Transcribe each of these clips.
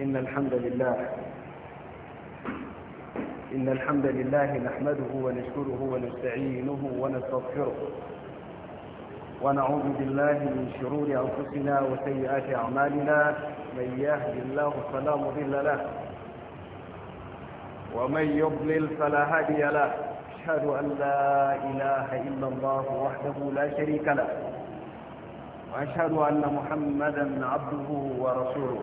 إن الحمد لله إن الحمد لله نحمده ونشكره ونستعينه ونستغفره ونعوذ بالله من شرور أنفسنا وسيئات أعمالنا من يهد الله فلا مضل له ومن يضلل فلا هادي له أشهد أن لا إله إلا الله وحده لا شريك له وأشهد أن محمدا عبده ورسوله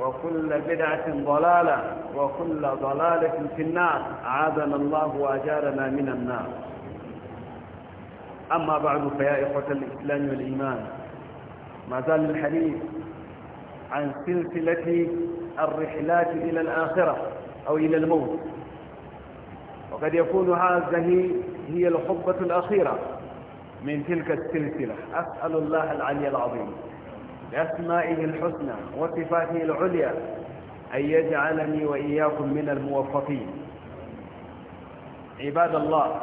وكل بدعة ضلالة وكل ضلالة في النار عادنا الله وأجارنا من النار أما بعد فيا إخوة الإسلام والإيمان ما زال الحديث عن سلسلة الرحلات إلى الآخرة أو إلى الموت وقد يكون هذه هي الحقبة الأخيرة من تلك السلسلة أسأل الله العلي العظيم بأسمائه الحسنى وصفاته العليا أن يجعلني وإياكم من الموفقين عباد الله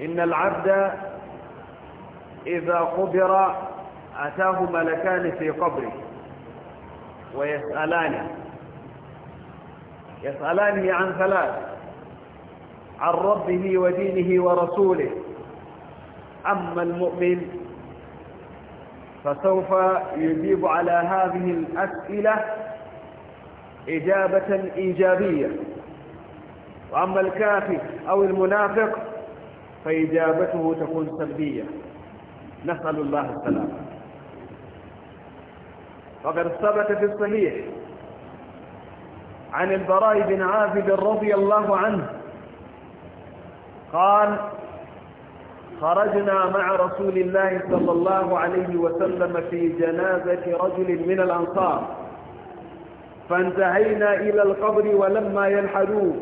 إن العبد إذا قبر أتاه ملكان في قبره ويسألانه يسألانه عن ثلاث عن ربه ودينه ورسوله أما المؤمن فسوف يجيب على هذه الأسئلة إجابة إيجابية وأما الكافر أو المنافق فإجابته تكون سلبية نسأل الله السلامة وقد ثبت في الصحيح عن البراء بن عازب رضي الله عنه قال خرجنا مع رسول الله صلى الله عليه وسلم في جنازة رجل من الأنصار فانتهينا إلى القبر ولما ينحدوه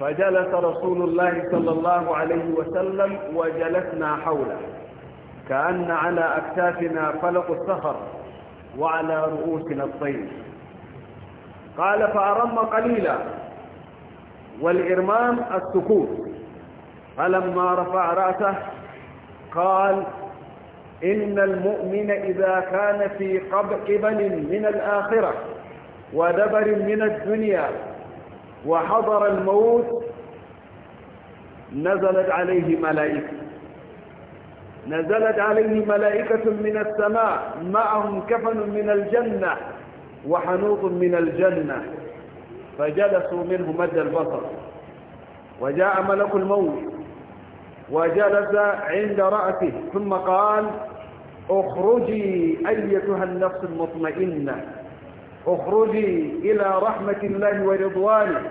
فجلس رسول الله صلى الله عليه وسلم وجلسنا حوله كأن على أكتافنا فلق الصخر وعلى رؤوسنا الطير قال فأرم قليلا والإرمام السكوت فلما رفع رأسه قال إن المؤمن إذا كان في قبل من الآخرة ودبر من الدنيا وحضر الموت نزلت عليه ملائكة نزلت عليه ملائكة من السماء معهم كفن من الجنة وحنوط من الجنة فجلسوا منه مد البصر وجاء ملك الموت وجلس عند رأسه ثم قال اخرجي أيتها النفس المطمئنة اخرجي إلى رحمة الله ورضوانه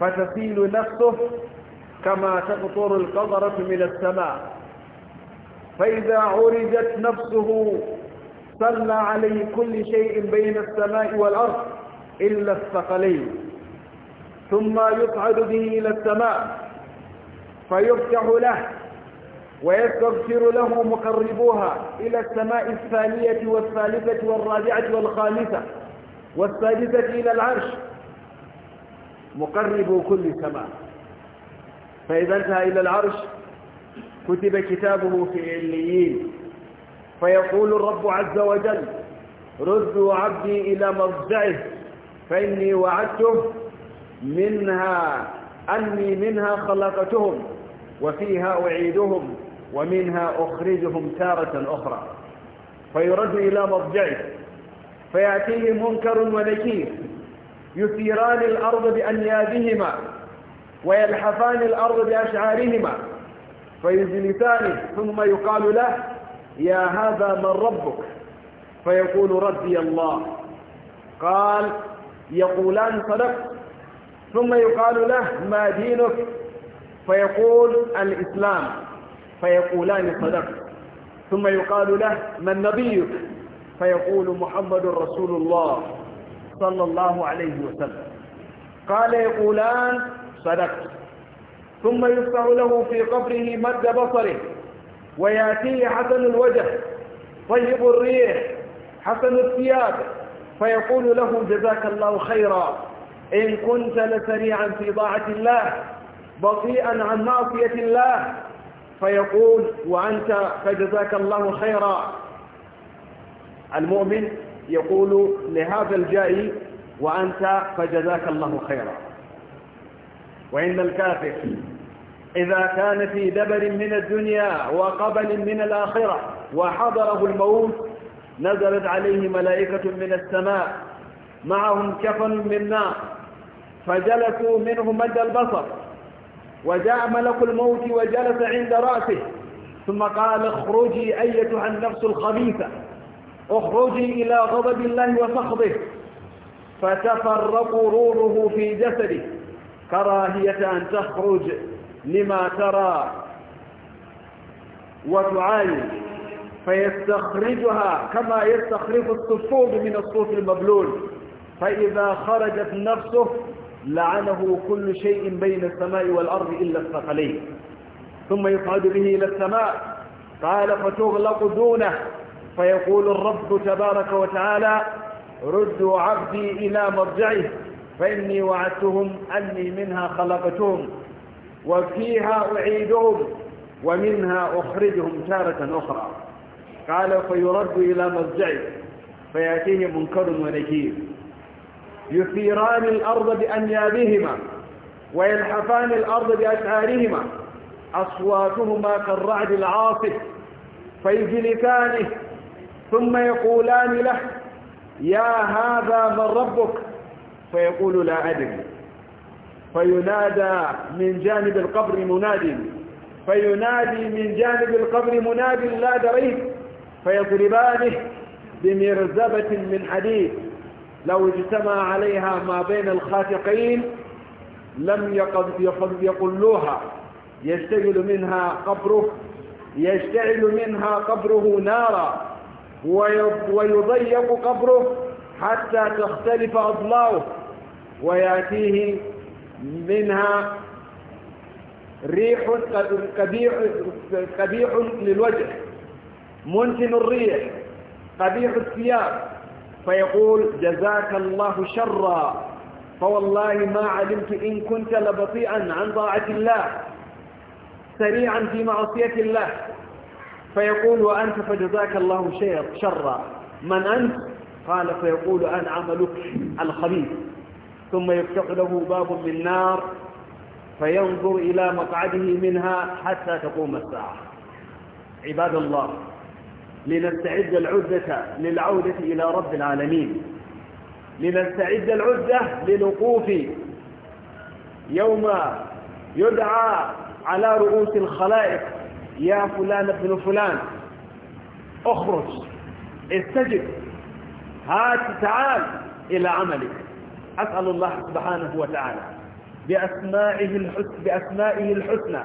فتسيل نفسه كما تقطر القطرة من السماء فإذا عرجت نفسه صلى عليه كل شيء بين السماء والأرض إلا الثقلين ثم يصعد به إلى السماء فيفتح له ويستغفر له مقربوها إلى السماء الثانية والثالثة والرابعة والخامسة والسادسة إلى العرش مقرب كل سماء فإذا انتهى إلى العرش كتب كتابه في عليين فيقول الرب عز وجل ردوا عبدي إلى مرجعه فإني وعدته منها أني منها خلقتهم وفيها أعيدهم ومنها أخرجهم تارة أخرى فيرد إلى مضجعه فيأتيه منكر ونكير يثيران الأرض بأنيابهما ويلحفان الأرض بأشعارهما فيجلسانه ثم يقال له يا هذا من ربك فيقول ربي الله قال يقولان صدقت ثم يقال له ما دينك فيقول الإسلام فيقولان صدقت ثم يقال له من نبيك فيقول محمد رسول الله صلى الله عليه وسلم قال يقولان صدقت ثم يفتح له في قبره مد بصره ويأتيه حسن الوجه طيب الريح حسن الثياب فيقول له جزاك الله خيرا إن كنت لسريعا في طاعة الله بطيئا عن معصية الله فيقول وأنت فجزاك الله خيرا المؤمن يقول لهذا الجائي وأنت فجزاك الله خيرا وإن الكافر إذا كان في دبر من الدنيا وقبل من الآخرة وحضره الموت نزلت عليه ملائكة من السماء معهم كفن من نار فجلسوا منه مد البصر وجاء ملك الموت وجلس عند رأسه ثم قال اخرجي أيتها النفس الخبيثة اخرجي إلى غضب الله وسخطه فتفرق روحه في جسده كراهية أن تخرج لما ترى وتعاين فيستخرجها كما يستخرج الصفوف من الصوف المبلول فإذا خرجت نفسه لعنه كل شيء بين السماء والأرض إلا الثقلين ثم يصعد به إلى السماء قال فتغلق دونه فيقول الرب تبارك وتعالى ردوا عبدي إلى مرجعه فإني وعدتهم أني منها خلقتهم وفيها أعيدهم ومنها أخرجهم تارة أخرى قال فيرد إلى مرجعه فيأتيه منكر ونكير يثيران الأرض بأنيابهما ويلحفان الأرض بأشعارهما أصواتهما كالرعد العاصف فيجلسانه ثم يقولان له يا هذا من ربك فيقول لا أدري فينادى من جانب القبر منادي فينادي من جانب القبر مناد لا دريت فيضربانه بمرزبة من حديد لو اجتمع عليها ما بين الخاتقين لم يقلوها يشتعل منها قبره يشتعل منها قبره نارا ويضيق قبره حتى تختلف أضلاعه ويأتيه منها ريح قبيح, قبيح للوجه منتن الريح قبيح الثياب فيقول جزاك الله شرا فوالله ما علمت إن كنت لبطيئا عن طاعة الله سريعا في معصية الله فيقول وأنت فجزاك الله شرا من أنت قال فيقول أنا عملك الخبيث ثم يفتح له باب من نار فينظر إلى مقعده منها حتى تقوم الساعة عباد الله لنستعد العزة للعودة إلى رب العالمين لنستعد العزة للوقوف يوم يدعى على رؤوس الخلائق يا فلان ابن فلان اخرج استجب هات تعال إلى عملك أسأل الله سبحانه وتعالى بأسمائه بأسمائه الحسنى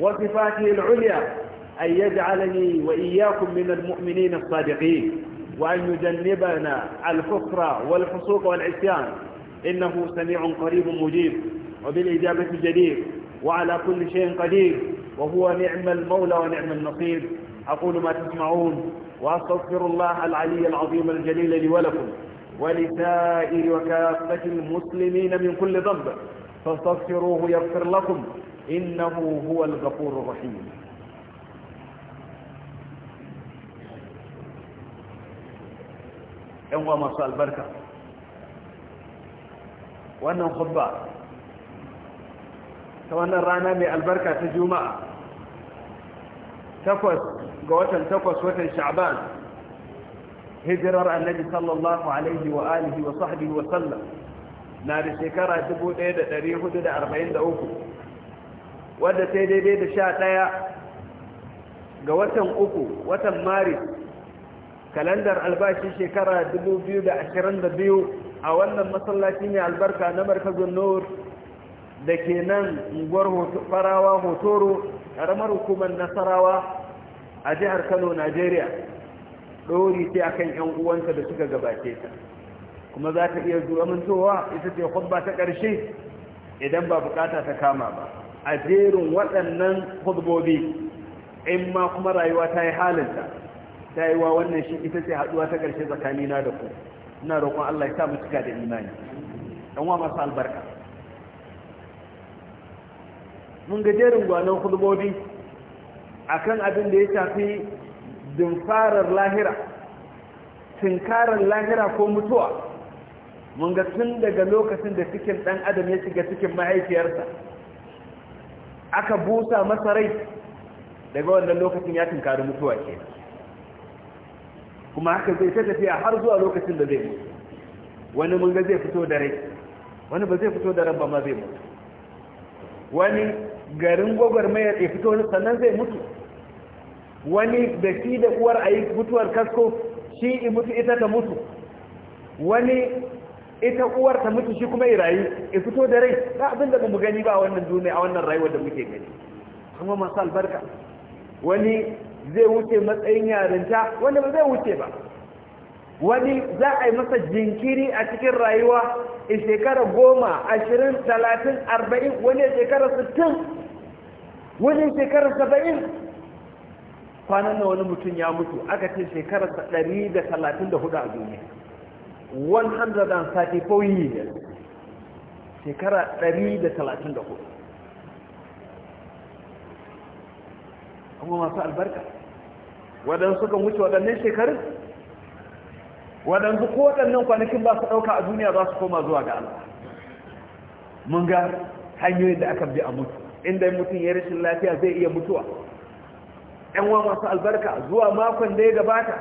وصفاته العليا أن يجعلني وإياكم من المؤمنين الصادقين وأن يجنبنا الكفر والفسوق والعصيان إنه سميع قريب مجيب وبالإجابة جدير وعلى كل شيء قدير وهو نعم المولى ونعم النصير أقول ما تسمعون وأستغفر الله العلي العظيم الجليل لي ولكم ولسائر وكافة المسلمين من كل ذنب فاستغفروه يغفر لكم إنه هو الغفور الرحيم yan uwa masu albarka wannan khutba ta wannan rana mai albarka ta juma'a takwas ga watan takwas watan sha'ban hijirar annabi sallallahu alaihi wa alihi wa sahbihi wa sallam na da shekara 1443 wadda sai daidai da sha ɗaya ga watan uku watan maris kalandar albashi shekara 2022 a wannan masallaci ne albarka na markazin nur da ke nan unguwar farawa hotoro ƙaramar hukumar nasarawa a jihar kano najeriya ɗori sai akan 'yan uwanta da suka gabace ta kuma za ta iya zuwa mintowa ita ce hudba ta ƙarshe idan ba bukata ta kama ba a jerin waɗannan hudbobi in ma kuma rayuwa ta yi halinta ta yi wa wannan shi ita ce haɗuwa ta ƙarshe tsakanina da ku ina roƙon Allah ya sa mu cika da imani dan wa masu albarka mun ga jerin gwanon a akan abin da ya shafi dimfarar lahira tinkarar lahira ko mutuwa mun ga tun daga lokacin da cikin ɗan adam ya shiga cikin mahaifiyarsa aka busa masa rai daga wannan lokacin ya tinkari mutuwa kenan kuma haka zai ta tafiya har zuwa lokacin da zai mutu wani mun ga zai fito da rai wani ba zai fito da ran ba ma zai mutu wani garin mai ya fito sannan zai mutu wani da shi da uwar a yi mutuwar kasko shi in mutu ita ta mutu wani ita uwar ta mutu shi kuma ya rayu ya fito da rai ba abin da mu gani ba a wannan duniya a wannan rayuwar da muke gani kuma masu albarka wani zai wuce matsayin yarinta wanda ba zai wuce ba wani za a yi masa jinkiri a cikin rayuwa a shekara goma ashirin talatin arba'in wani shekara sittin wani shekara saba'in kwanan na wani mutum ya mutu aka ce shekara ɗari da talatin da hudu a duniya 134 years shekara ɗari da talatin da hudu kuma masu albarka waɗansu kan wuce waɗannan shekarun waɗansu ko waɗannan kwanakin ba su ɗauka a duniya ba su koma zuwa ga Allah mun ga hanyoyin da aka bi a mutu inda mutum ya rashin lafiya zai iya mutuwa ‘yan wa masu albarka zuwa makon da ya gabata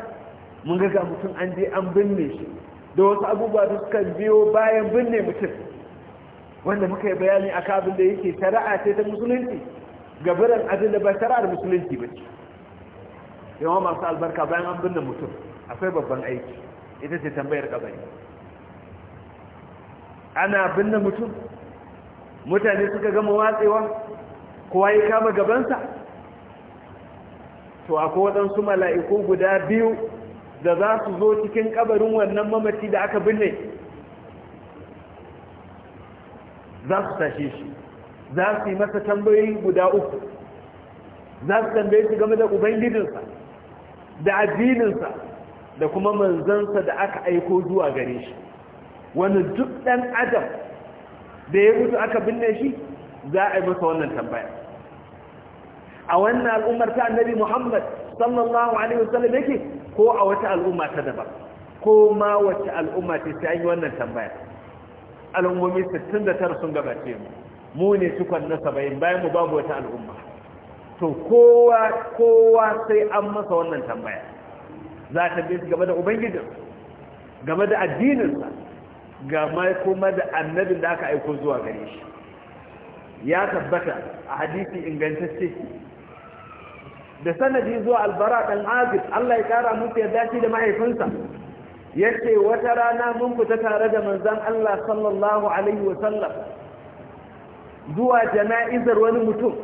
mun ga ga mutum an je an binne shi da wasu abubuwa da suka biyo bayan binne mutum wanda muka yi bayani a kabin da yake shari'a ce ta musulunci ga biran adina ba da musulunci ba ce Yawa masu albarka bayan an binne mutum akwai babban aiki ita ce tambayar kabari ana binne mutum mutane suka gama watsewa kowa ya kama gabansa to akwai waɗansu mala'iku guda biyu da za su zo cikin kabarin wannan mamaci da aka binne za su tashe shi za su yi masa tambayoyi guda uku za su tambaye su game da ubangijinsa da addininsa da kuma manzansa da aka aiko zuwa gare shi wani duk ɗan adam da ya mutu aka binne shi za a yi masa wannan tambaya a wannan al'ummar ta annabi muhammad sallallahu alaihi wasallam yake ko a wata al'umma ta daban ko ma wata al'umma ta an yi wannan tambaya al'ummomi 69 sun gabace mu mu ne cikon na saba'in bayan mu babu wata al'umma to kowa kowa sai an masa wannan tambaya za ta bi game da ubangijin game da addininsa game kuma da annabin da aka aiko zuwa gare shi ya tabbata a hadisi ingantacce da sanadi zuwa albara kan agis Allah ya kara musu yadda shi da mahaifinsa yace wata rana mun fita tare da manzon Allah sallallahu alaihi wa sallam zuwa jana'izar wani mutum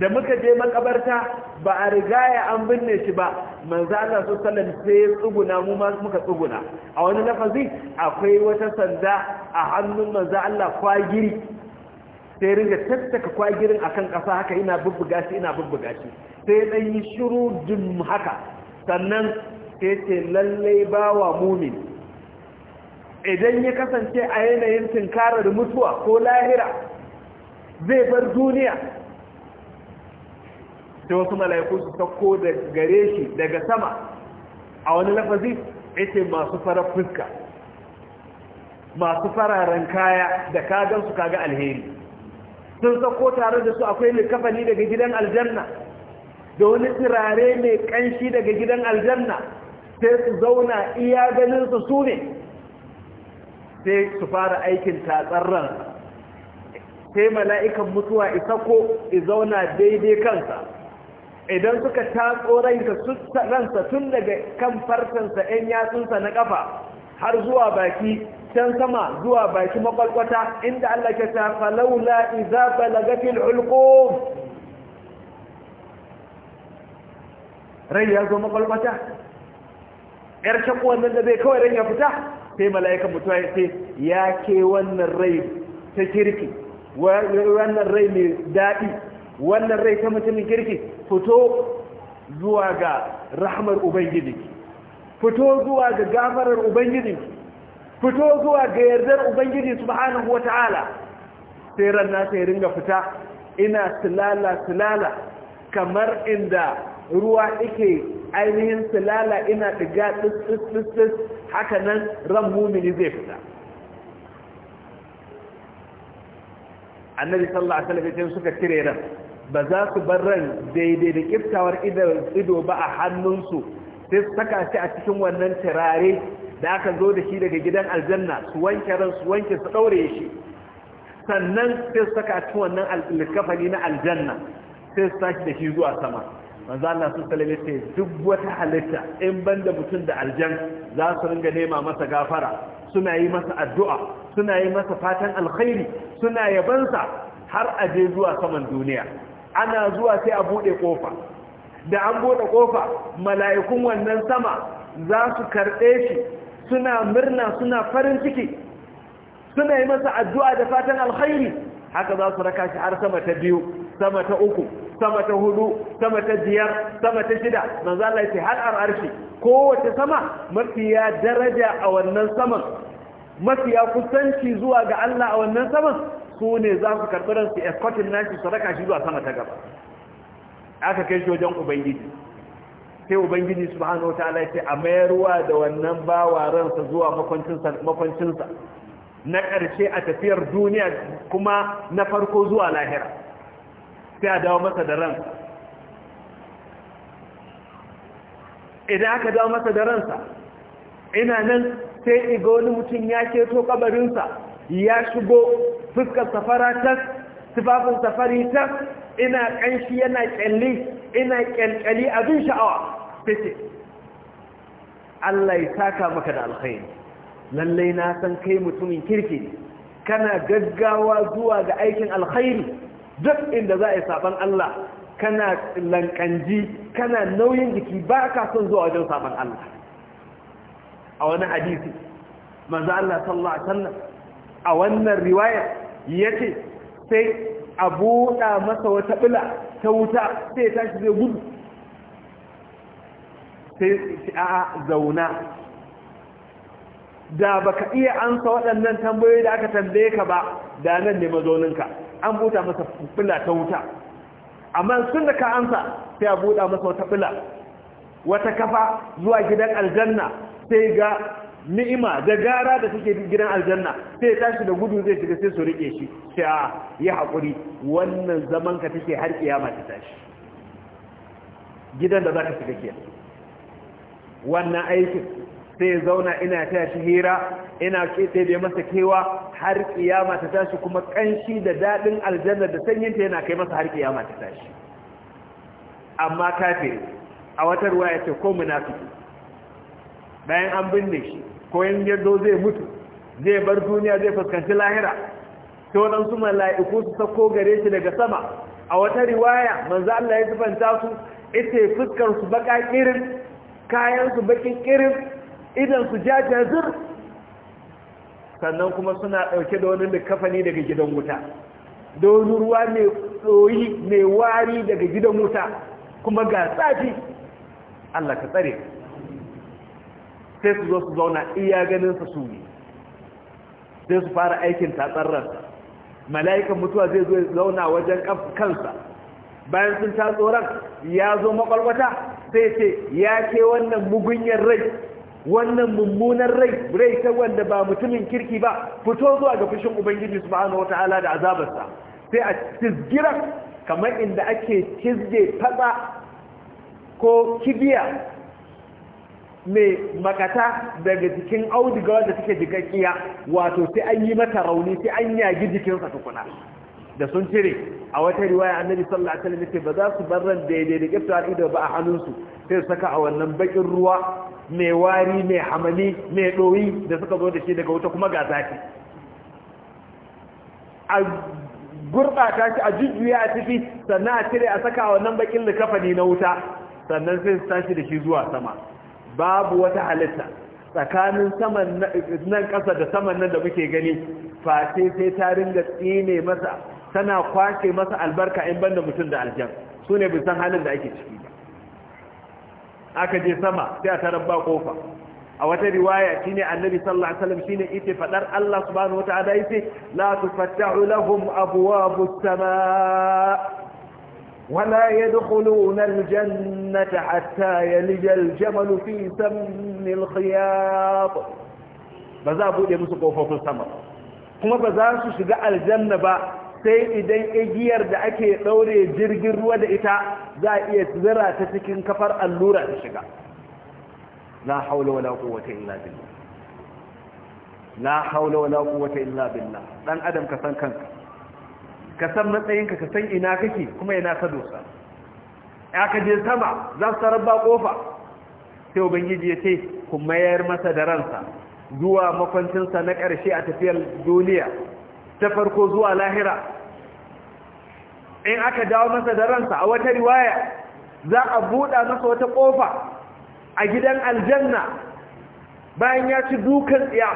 da muka je makabarta ba a riga ya an binne shi ba manzo Allah su sallam sai tsuguna mu ma muka tsuguna a wani lafazi akwai wata sanda a hannun manzo Allah kwagiri sai ringa tattaka kwagirin akan ƙasa haka ina bubbuga shi ina bubbuga shi sai dan yi shiru dum haka sannan sai ce lalle bawa mumin idan ya kasance a yanayin tinkarar mutuwa ko lahira zai bar duniya sai wasu mala'iku su sauko da gare shi daga sama a wani lafazi ita masu farar fuska masu fararen kaya da kagan su kaga alheri sun sauko tare da su akwai likafani daga gidan aljanna da wani turare mai kanshi daga gidan aljanna sai su zauna iya ganin su su ne sai su fara aikin tatsar ransa sai mala'ikan mutuwa isa ko zauna daidai kansa idan suka tatso ransa tun daga kan farsansa 'yan yatsunsa na ƙafa har zuwa baki can sama zuwa baki makwalkwata inda Allah ke ta falaula iza balagafin ulqum rai ya zo makwalkwata yar shakuwan nan da zai kawai ran ya fita sai mala'ikan mutuwa ya ce ya ke wannan rai ta kirki wannan rai mai daɗi wannan rai ta mutumin kirki fito zuwa ga rahmar ubangiji fito zuwa ga gafarar ubangiji fito zuwa ga yardar ubangiji subhanahu wata'ala sai ranna sai ringa fita ina silala silala kamar inda ruwa yake ainihin silala ina diga tsitsitsitsits haka nan ran mumini zai fita annabi sallallahu alaihi wasallam suka cire ran ba za su bar ran daidai da kiftawar ido ba a hannunsu sai su saka shi a cikin wannan turare da aka zo da shi daga gidan aljanna su wanke ran su wanke su daure shi sannan sai su saka a cikin wannan alkafani na aljanna sai su tashi da shi zuwa sama manzo Allah sun ce duk wata halitta in da mutum da aljan za su ringa nema masa gafara suna yi masa addu'a suna yi masa fatan alkhairi suna yabansa har a je zuwa saman duniya ana zuwa sai a buɗe ƙofa, da an buɗe ƙofa, mala'ikun wannan sama za su karɗe shi suna murna suna farin ciki suna yi masa addu'a da fatan alkhairi haka za su raka shi har sama ta biyu sama ta uku sama ta hudu sama ta biyar sama ta shida manzo Allah yace har arshi kowace sama mafiya daraja a wannan saman mafiya kusanci zuwa ga Allah a wannan saman su ne za su karɓi ransu escortin nashi su raka shi zuwa sama ta gaba aka kai shi wajen ubangiji sai ubangiji subhanahu wataala ya a mayarwa da wannan bawa ransa zuwa makwancinsa makwancinsa na ƙarshe a tafiyar duniya kuma na farko zuwa lahira sai a dawo masa da ransa idan aka dawo masa da ransa ina nan sai iga wani mutum ya keto kabarinsa ya shigo fuskar safara tas tufafin safari tas ina kanshi yana kyalli ina kyalkyali abin sha'awa ta Allah ya saka maka da alkhairi lallai na san kai mutumin kirki kana gaggawa zuwa ga aikin alkhairi duk inda za a yi saban Allah kana lankanji kana nauyin jiki ba ka son zuwa wajen saban Allah a wani hadisi manzo Allah sallallahu alaihi wasallam a wannan riwaya yace sai a buɗa masa wata bila ta wuta sai shi zai gudu sai a zauna da baka iya ansa waɗannan tambayoyi da aka tambaye ka ba da nan ne mazauninka an buɗa masa fula ta wuta amma sun da ka ansa sai a buɗa masa wata fula wata kafa zuwa gidan aljanna sai ga ni'ima da gara da suke gidan aljanna sai tashi da gudu zai shiga sai su rike shi sai a yi haƙuri wannan zaman ka take har kiyama ta tashi gidan da za ka shiga kiyar wannan aikin sai ya zauna ina ta shi hira ina da masa kewa har kiyama ta tashi kuma kanshi da daɗin aljanna da sanyinta yana kai masa har kiyama ta tashi amma kafiri a wata ruwa ya ce ko munafiki bayan an binne shi ko yin yaddo zai mutu zai bar duniya zai fuskanci lahira ta waɗansu mala'iku su sako gare shi daga sama a wata riwaya manzo Allah ya zubanta su ita fuskar su baka kirin kayan su bakin kirin idan su ja jazir sannan kuma suna ɗauke da wani likafani daga gidan wuta da ruwa mai tsoyi mai wari daga gidan wuta kuma ga tsafi Allah ka tsare sai su zo su zauna iya ganin su ne sai su fara aikin tatsarran mala'ikan mutuwa zai zo zauna wajen kansa bayan sun tsoron ya zo makwalwata sai ce ya ke wannan mugunyar rai wannan mummunan rai rai ta wanda ba mutumin kirki ba fito zuwa ga fushin ubangiji subhanahu wataala da azabarsa sai a tizgira kamar inda ake tizge fatsa ko kibiya mai makata daga jikin auduga wanda take jikakkiya wato sai an yi mata rauni sai an yagi jikinsa tukuna da sun cire a wata riwaya annabi sallallahu alaihi wasallam ba za su bar ran daidai da kifta ido ba a hannunsu sai saka a wannan bakin ruwa mai wari mai hamami mai ɗoyi da suka zo da shi daga wuta kuma ga zafi a gurɓata shi a jujjuya a ciki sannan a cire a saka wannan bakin likafani na wuta sannan sai su tashi da shi zuwa sama babu wata halitta tsakanin saman nan ƙasa da saman nan da muke gani face sai ta ringa tsine masa tana kwace masa albarka in banda mutum da aljan su ne bisan halin da ake ciki ba aka je sama sai a tarar ba kofa a wata riwaya shine annabi sallallahu alaihi wasallam shine yake fadar Allah subhanahu wataala yace la tufattahu lahum abwabus samaa wala yadkhuluna aljannata hatta yalija aljamal fi sammil khiyat ba za bude musu kofofin sama kuma ba za su shiga aljanna ba sai idan igiyar da ake ɗaure jirgin ruwa da ita za a iya zira ta cikin kafar allura da shiga la haula wala quwwata illa billah la haula wala quwwata illa billah dan adam ka san kanka ka san matsayinka ka san ina kake kuma ina ka dosa ya ka je sama za su rabba kofa sai ubangiji ya ce ku mayar masa da ransa zuwa makwancinsa na ƙarshe a tafiyar duniya ta farko zuwa lahira in aka dawo masa da ransa a wata riwaya za a buɗa masa wata ƙofa a gidan aljanna bayan ya ci dukan tsiya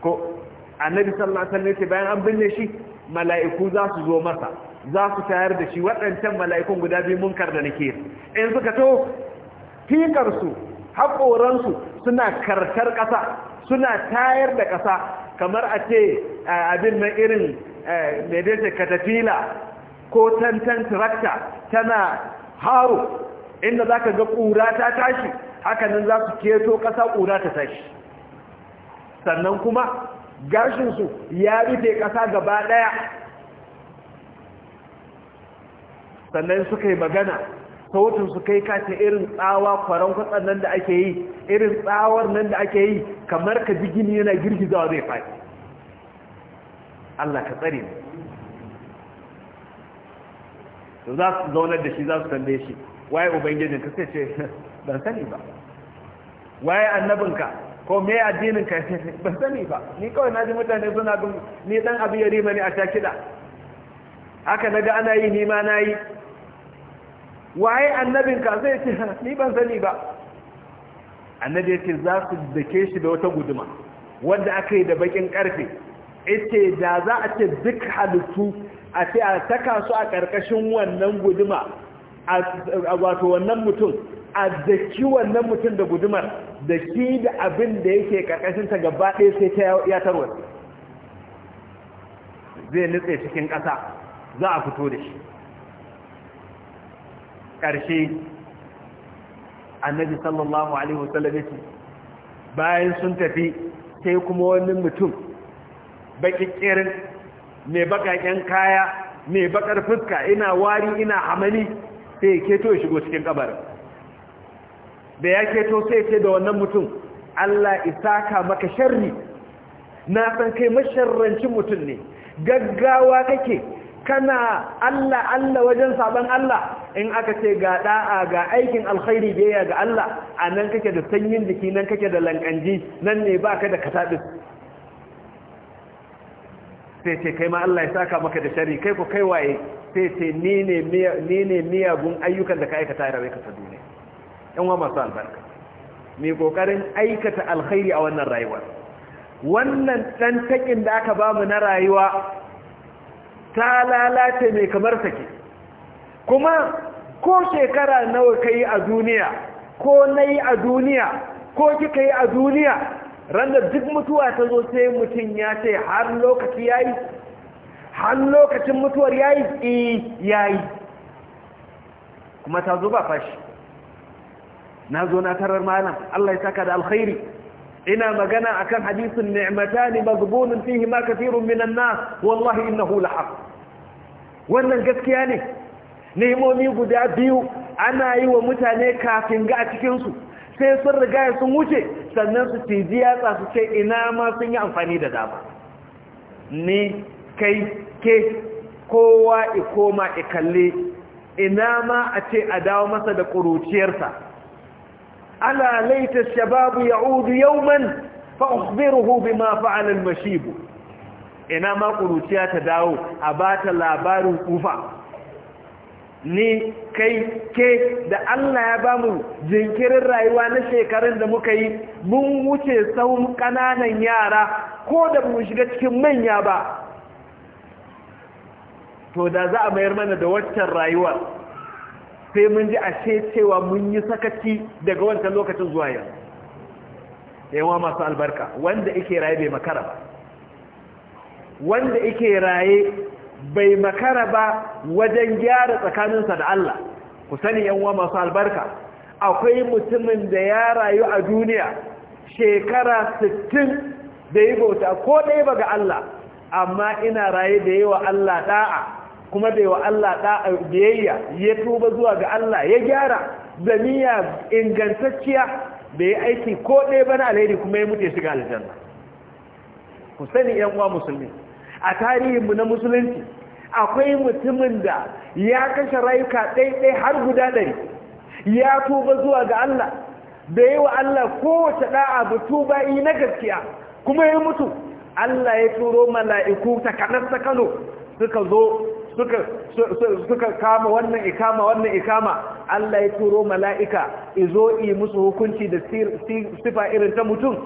ko annabi sallallahu alaihi wasallam bayan an binne shi mala'iku za su zo masa za su tayar da shi waɗancan mala'ikun guda biyu munkar da nake in suka to fikarsu haƙoransu suna karkar ƙasa suna tayar da ƙasa kamar a ce abin na irin medece katafila ko tantan tractor tana haro inda za ka ga ƙura ta tashi hakanan za su keto ƙasa ƙura ta tashi sannan kuma gashinsu ya rufe ƙasa gaba ɗaya sannan suka yi magana sautin su kai kace irin tsawa kwaron kwatsan nan da ake yi irin tsawar nan da ake yi kamar ka jigini gini yana girgizawa zai faɗi Allah ka tsare mu to za su zaunar da shi za su tambaye shi waye ubangijin ka sai ce ban sani ba waye annabinka ko me addinin ka ban sani ba ni kawai na ji mutane suna bin ni dan abu yare mani a ta kida haka naga ana yi ni ma na yi waye annabinka zai ce ni ban sani ba annabi yake za su dake shi da wata guduma wanda aka yi da bakin karfe ita da za a ce duk halittu a ce a taka su a ƙarƙashin wannan guduma a wato wannan mutum a daki wannan mutum da gudumar da shi da abin da yake ƙarƙashinta gaba ɗaya sai ta ya tarwata zai nutse cikin ƙasa za a fito da shi ƙarshe annabi sallallahu alaihi wasallam yake bayan sun tafi sai kuma wani mutum baƙiƙirin mai baƙaƙen kaya mai baƙar fuska ina wari ina hamani sai ya keto ya shigo cikin kabarin da ya keto sai ce da wannan mutum Allah isaka maka sharri na san kai masharrancin mutum ne gaggawa kake kana Allah Allah wajen saban Allah in aka ce ga da'a ga aikin alkhairi biyayya ga Allah a nan kake da sanyin jiki nan kake da lankanji nan ne ba ka da kasadin sai ce kai ma Allah ya saka maka da shari kai ko kai waye sai ce ni ne miyagun ayyukan da ka aikata ya rai ta duniya yan wa masu albarka mai kokarin aikata alkhairi a wannan rayuwar wannan ɗan takin da aka bamu na rayuwa ta lalata mai kamar sake kuma ko shekara nawa ka yi a duniya ko na yi a duniya ko kika yi a duniya randa duk mutuwa ta zo sai mutum ya ce har lokaci ya yi har lokacin mutuwar ya yi ya yi kuma ta zo ba fashi na zo na tarar malam Allah ya saka da alkhairi ina magana akan hadisin ni'matani maghbunun fihi ma kathirun minan nas wallahi innahu lahaq wannan gaskiya ne nemomi guda biyu ana yi wa mutane kafin ga a cikin su sai sun riga sun wuce sannan su tiji yatsa su ce ina ma sun yi amfani da dama ni kai ke kowa ikoma ikalle ina ma a ce a dawo masa da ƙuruciyarsa ألا ليت yawman fa akhbiruhu bima fa'ala al mashibu. ina ma ƙuruciya ta dawo a ba ta labarin kufa ni kai ke da Allah ya ba mu jinkirin rayuwa na shekarun da muka yi mun wuce tsawon ƙananan yara ko da mu shiga cikin manya ba to da za a mayar mana da waccan rayuwar sai mun ji ashe cewa mun yi sakaci daga wancan lokacin zuwa yanzu yawa masu albarka wanda ike raye bai makara ba wanda ike raye bai makara ba wajen gyara tsakaninsa da Allah ku sani yawa masu albarka akwai mutumin da ya rayu a duniya shekara 60 da yi bauta ko ɗaya ba ga Allah amma ina raye da yawa Allah ɗa'a. kuma bai wa Allah da biyayya ya tuba zuwa ga Allah ya gyara niyya ingantacciya bai aiki ko ɗaya bana alheri kuma ya mutu ya shiga aljanna ku sani yan uwa musulmi a mu na musulunci akwai mutumin da ya kashe rayuka ɗaiɗai har guda ɗari ya tuba zuwa ga Allah bai yi wa Allah kowace ɗa'a ba tuba yi na gaskiya kuma ya mutu Allah ya turo mala'iku ta kanar ta kano suka zo suka suka kama wannan ikama wannan ikama Allah ya turo mala'ika izo yi musu hukunci da sifa irin ta mutum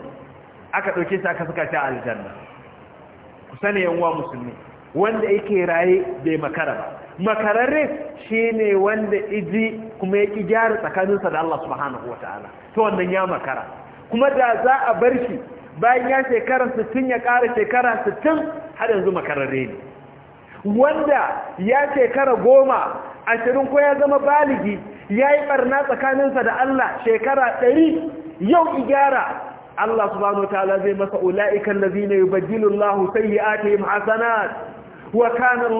aka dauke shi aka suka ta aljanna ku sani yan uwa musulmi wanda yake raye bai makara ba makararre shine wanda iji kuma ya gyara gyara tsakaninsa da Allah subhanahu wataala to wannan ya makara kuma da za a bar shi bayan ya shekara 60 ya ƙara shekara 60 har yanzu makararre ne wanda ya shekara goma ashirin ko ya zama baligi ya yi ɓarna tsakaninsa da Allah shekara ɗari yau gyara Allah subhanahu ta'ala zai masa ula'ikan sai yi ake yi hasanat wa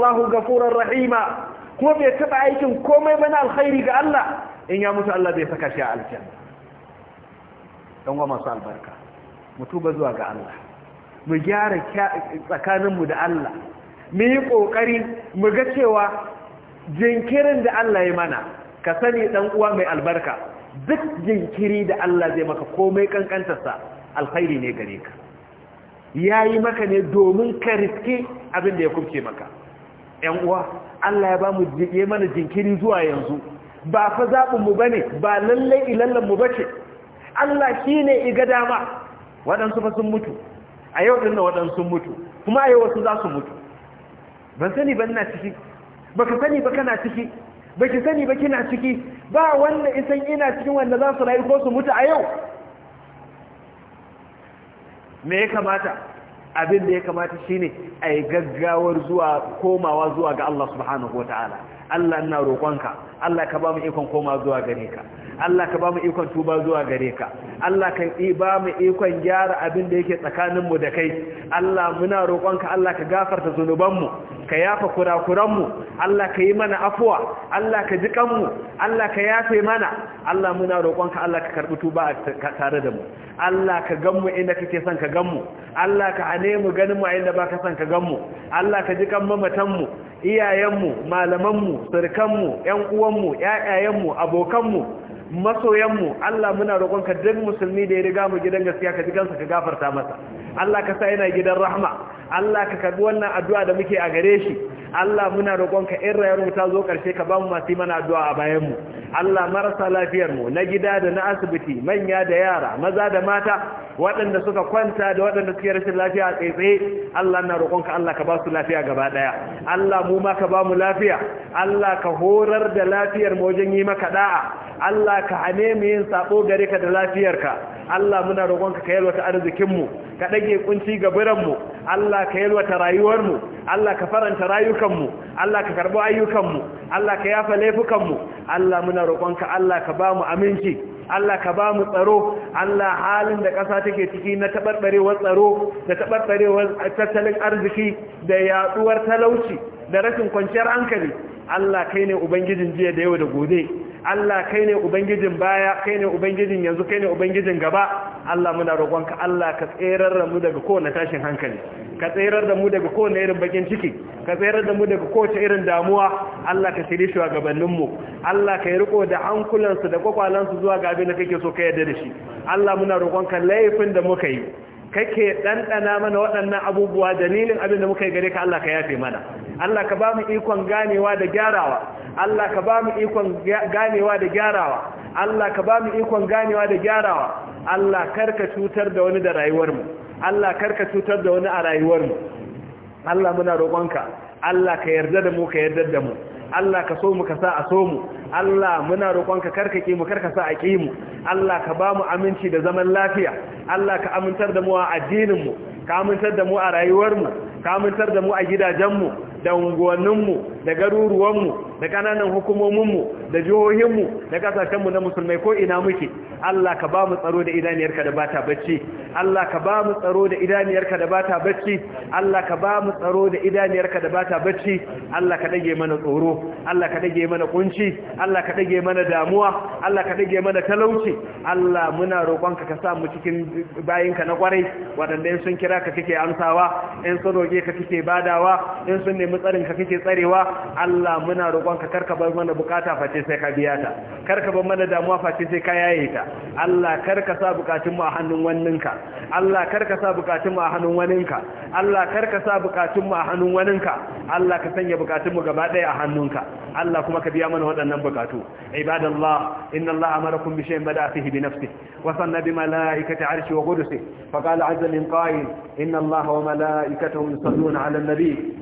lahu ga furar rahima ko bai taɓa aikin komai bane alkhairi ga Allah in ya mutu Allah zai saka shi a aljanna don wa masu albarka ba zuwa ga Allah mu gyara tsakaninmu da Allah mu yi ƙoƙari mu ga cewa jinkirin da Allah ya mana ka sani ɗan uwa mai albarka duk jinkiri da Allah zai maka komai ƙanƙantarsa alfairi ne gare ka ya yi maka ne domin ka riske abin da ya kubce maka ‘yan uwa Allah ya ba mu jiƙe mana jinkiri zuwa yanzu ba fa zaɓinmu ba ne ba lallai ilallenmu ba ce Allah shi ne iga dama waɗansu ba sun mutu a yau ɗin na waɗansu mutu kuma a yau wasu za su mutu ban sani ba ina ciki baka sani ba kana ciki baki sani ba kina ciki ba wanda isan ina cikin wanda za su rayu ko su mutu a yau me ya kamata abin da ya kamata shine a yi gaggawar zuwa komawa zuwa ga Allah subhanahu wa ta'ala Allah ina roƙonka Allah ka ba mu ikon koma zuwa gare ka Allah ka ba mu ikon tuba zuwa gare ka Allah ka ba mu ikon gyara abin da yake tsakanin mu da kai Allah muna roƙonka Allah ka gafarta zunubanmu ka yafa kurakuranmu Allah ka yi mana afuwa Allah ka ji kanmu Allah ka yafe mana Allah muna roƙonka Allah ka karɓi tuba tare da mu Allah ka ganmu inda kake son ka ganmu Allah ka hane mu ganin mu a inda baka son ka ganmu Allah ka ji kan mamatanmu iyayenmu malamanmu surkanmu ƴan uwanmu 'ya'yayenmu, abokanmu masoyanmu Allah muna roƙonka duk musulmi da ya riga mu gidan gaskiya ka ji kansa ka gafarta masa Allah ka sa yana gidan rahma Allah ka karbi wannan addu'a da muke a gare shi Allah muna roƙonka in rayuwarmu ta zo ƙarshe ka ba mu masu mana addu'a a bayan mu Allah marasa lafiyarmu na gida da na asibiti manya da yara maza da mata waɗanda suka kwanta da waɗanda suke rashin lafiya a tsaitsaye Allah na roƙonka Allah ka ba su lafiya gaba ɗaya Allah mu ma ka ba mu lafiya Allah ka horar da lafiyar mu wajen yi maka da'a Allah ka hane mu yin sabo gare ka da lafiyarka Allah muna roƙonka ka yalwata arzikin mu ka ɗage kunci ga biran mu Allah ka yalwata rayuwarmu Allah ka faranta rayukanmu Allah ka ayyukan ayyukanmu Allah ka yafa laifukanmu Allah muna roƙonka Allah ka ba mu aminci Allah ka ba mu tsaro Allah halin da ƙasa take ciki na taɓarɓarewar tsaro da taɓarɓarewar tattalin arziki da yaɗuwar talauci da rashin kwanciyar hankali Allah kai ne ubangijin jiya da yau da gobe Allah kai ne ubangijin baya kai ne ubangijin yanzu kai ne ubangijin gaba Allah muna roƙonka Allah ka tserar da mu daga kowane tashin hankali ka tserar da mu daga kowane irin bakin ciki ka tserar da mu daga kowace irin damuwa Allah ka shirye shi gabanin mu Allah ka yi riko da hankulansu da kwakwalansu zuwa ga abin da kake so ka yarda da shi Allah muna roƙonka laifin da muka yi kake ɗanɗana mana waɗannan abubuwa dalilin abin da muka yi gare ka Allah ka yafe mana Allah ka ba mu ikon ganewa da gyarawa Allah ka ba mu ikon ganewa da gyarawa Allah ka ba mu ikon ganewa da gyarawa Allah karka cutar da wani da rayuwarmu Allah karka cutar da wani a rayuwarmu Allah muna roƙonka Allah ka yarda da mu ka yarda da mu Allah ka so mu ka sa a so mu Allah muna roƙonka karkake mu karka sa a ƙi mu Allah ka ba mu aminci da zaman lafiya Allah ka amintar da mu a addinin mu ka amintar da mu a rayuwar mu ka amintar da mu a gidajen mu da unguwanninmu da garuruwanmu da ƙananan hukumominmu da jihohinmu da kasashenmu na musulmai ko ina muke Allah ka ba mu tsaro da idaniyarka da bata bacci Allah ka ba mu tsaro da idaniyarka da bata bacci Allah ka ba mu tsaro da idaniyarka da bata bacci Allah ka dage mana tsoro Allah ka dage mana kunci Allah ka dage mana damuwa Allah ka dage mana talauci Allah muna roƙonka ka sa mu cikin bayinka na kwarai waɗanda in sun kira ka kike amsawa in sun roƙe ka kike badawa in sun nemi nemi tsarin ka kake tsarewa Allah muna roƙon ka karka bar mana bukata face sai ka biya ta karka bar mana damuwa face sai ka yaye ta Allah karka sa bukatun mu a hannun waninka Allah karka sa bukatun mu a hannun waninka Allah karka sa bukatun mu a hannun waninka Allah ka sanya bukatun mu gaba ɗaya a hannunka Allah kuma ka biya mana waɗannan bukatu ibadallah inna Allah amarakum bi shay'in bada'a fihi bi nafsihi wa sanna bi malaikati arshihi wa qudusihi فقال عز من قائل إن الله وملائكته يصلون على النبي